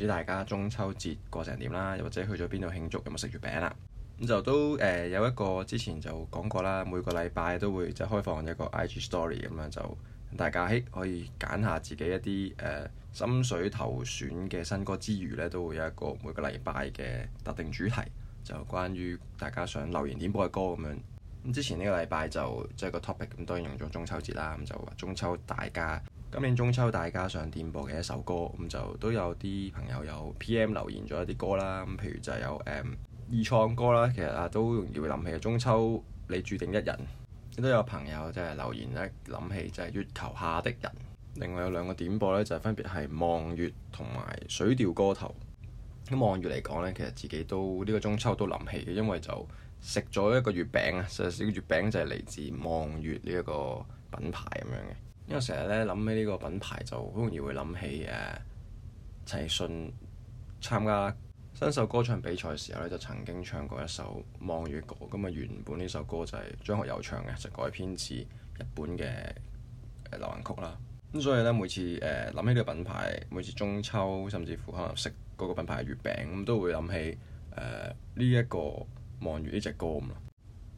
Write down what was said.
唔知大家中秋節過成點啦，又或者去咗邊度慶祝，有冇食月餅啦、啊？咁就都誒、呃、有一個之前就講過啦，每個禮拜都會即係開放一個 IG Story 咁樣就，就大家喺可以揀下自己一啲誒、呃、心水投選嘅新歌之餘咧，都會有一個每個禮拜嘅特定主題，就關於大家想留言點播嘅歌咁樣。咁之前呢個禮拜就即係個 topic 咁當然用咗中秋節啦，咁就中秋大家。今年中秋大家想點播嘅一首歌，咁就都有啲朋友有 PM 留言咗一啲歌啦。咁譬如就有誒、um, 二創歌啦，其實啊都容易諗起中秋你注定一人。亦都有朋友就係留言咧諗起就係月球下的人。另外有兩個點播咧，就分別係望月同埋水調歌頭。咁望月嚟講咧，其實自己都呢、這個中秋都諗起嘅，因為就食咗一個月餅啊，實際上月餅就係嚟自望月呢一個品牌咁樣嘅。因為成日咧諗起呢個品牌就好容易會諗起誒陳奕迅參加新秀歌唱比賽嘅時候咧，就曾經唱過一首《望月歌》嗯。咁啊原本呢首歌就係張學友唱嘅，就改編自日本嘅流行曲啦。咁所以咧，每次誒諗、呃、起呢個品牌，每次中秋甚至乎可能食嗰個品牌嘅月餅，咁都會諗起誒呢一個望月呢隻歌咁。